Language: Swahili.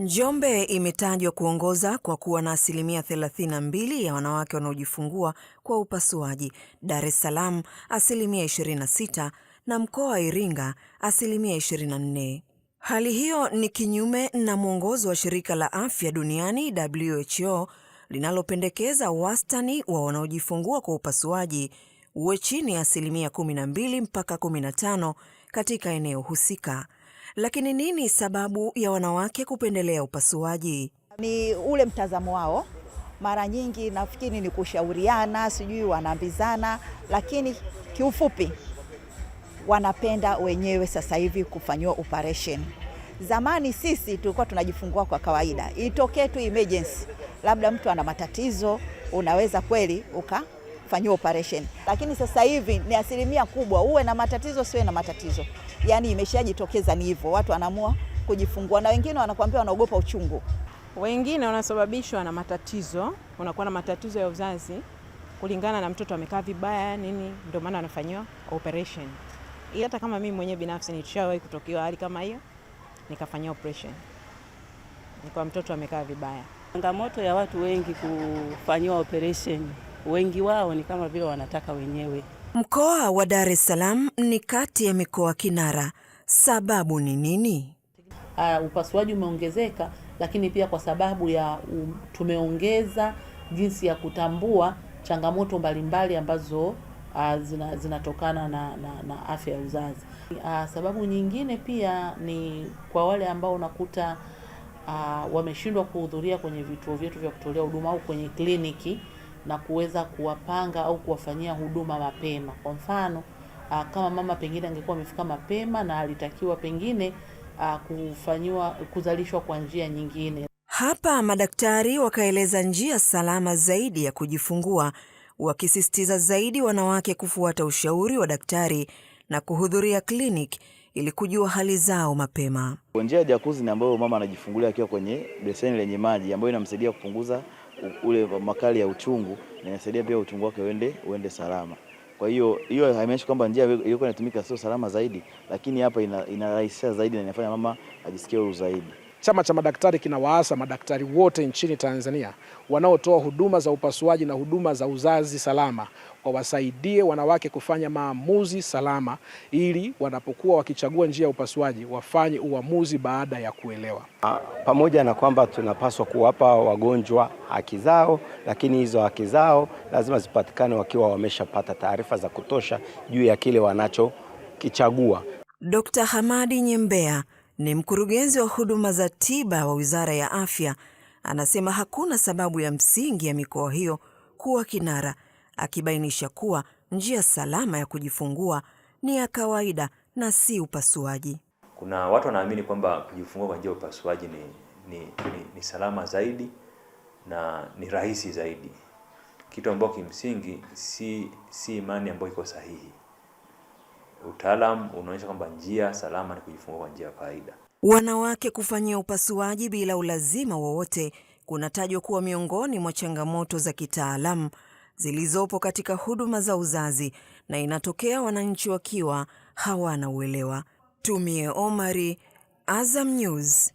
Njombe imetajwa kuongoza kwa kuwa na asilimia 32 ya wanawake wanaojifungua kwa upasuaji, Dar es Salaam asilimia 26 na mkoa wa Iringa asilimia 24. Hali hiyo ni kinyume na mwongozo wa Shirika la Afya Duniani WHO linalopendekeza wastani wa wanaojifungua kwa upasuaji uwe chini ya asilimia 12 mpaka 15 katika eneo husika. Lakini nini sababu ya wanawake kupendelea upasuaji? Ni ule mtazamo wao mara nyingi nafikiri ni kushauriana, sijui wanaambizana, lakini kiufupi wanapenda wenyewe sasa hivi kufanyiwa operation. Zamani sisi tulikuwa tunajifungua kwa kawaida, itokee tu emergency, labda mtu ana matatizo, unaweza kweli ukafanyiwa operation. Lakini sasa hivi ni asilimia kubwa, uwe na matatizo, siwe na matatizo yani imeshajitokeza, ni hivyo, watu wanaamua kujifungua, na wengine wanakuambia wanaogopa uchungu, wengine wanasababishwa na matatizo, unakuwa na matatizo ya uzazi kulingana na mtoto amekaa vibaya nini, ndio maana anafanyiwa operation. Hata kama mimi mwenyewe binafsi nilishawahi kutokiwa hali kama hiyo, nikafanyia operation, kwa mtoto amekaa vibaya. Changamoto ya watu wengi kufanyiwa operation wengi wao ni kama vile wanataka wenyewe. Mkoa wa Dar es Salaam ni kati ya mikoa kinara. Sababu ni nini? Uh, upasuaji umeongezeka, lakini pia kwa sababu ya um, tumeongeza jinsi ya kutambua changamoto mbalimbali ambazo uh, zina, zinatokana na, na, na afya ya uzazi. Uh, sababu nyingine pia ni kwa wale ambao unakuta uh, wameshindwa kuhudhuria kwenye vituo vyetu vya kutolea huduma au kwenye kliniki na kuweza kuwapanga au kuwafanyia huduma mapema. Kwa mfano ah, kama mama pengine angekuwa amefika mapema na alitakiwa pengine ah, kufanyiwa kuzalishwa kwa njia nyingine. Hapa madaktari wakaeleza njia salama zaidi ya kujifungua, wakisisitiza zaidi wanawake kufuata ushauri wa daktari na kuhudhuria kliniki ili kujua hali zao mapema. Njia ya jakuzi ni ambayo mama anajifungulia akiwa kwenye beseni lenye maji ambayo inamsaidia kupunguza ule makali ya uchungu na inasaidia pia uchungu wake uende uende salama. Kwa hiyo hiyo haimaanishi kwamba njia iliyokuwa inatumika sio salama zaidi, lakini hapa inarahisisha ina zaidi na inafanya mama ajisikie huru zaidi. Chama cha madaktari kinawaasa madaktari wote nchini Tanzania wanaotoa huduma za upasuaji na huduma za uzazi salama wawasaidie wanawake kufanya maamuzi salama, ili wanapokuwa wakichagua njia ya upasuaji wafanye uamuzi baada ya kuelewa. Ah, pamoja na kwamba tunapaswa kuwapa wagonjwa haki zao, lakini hizo haki zao lazima zipatikane wakiwa wameshapata taarifa za kutosha juu ya kile wanachokichagua. Dr. Hamadi Nyembea ni mkurugenzi wa huduma za tiba wa Wizara ya Afya anasema hakuna sababu ya msingi ya mikoa hiyo kuwa kinara, akibainisha kuwa njia salama ya kujifungua ni ya kawaida na si upasuaji. Kuna watu wanaamini kwamba kujifungua kwa njia ya upasuaji ni, ni, ni, ni salama zaidi na ni rahisi zaidi, kitu ambacho kimsingi si si imani ambayo iko sahihi. Utaalam unaonyesha kwamba njia salama ni kujifungua kwa njia ya kawaida. Wanawake kufanyia upasuaji bila ulazima wowote kunatajwa kuwa miongoni mwa changamoto za kitaalamu zilizopo katika huduma za uzazi na inatokea wananchi wakiwa hawana uelewa. Tumie Omari, Azam News.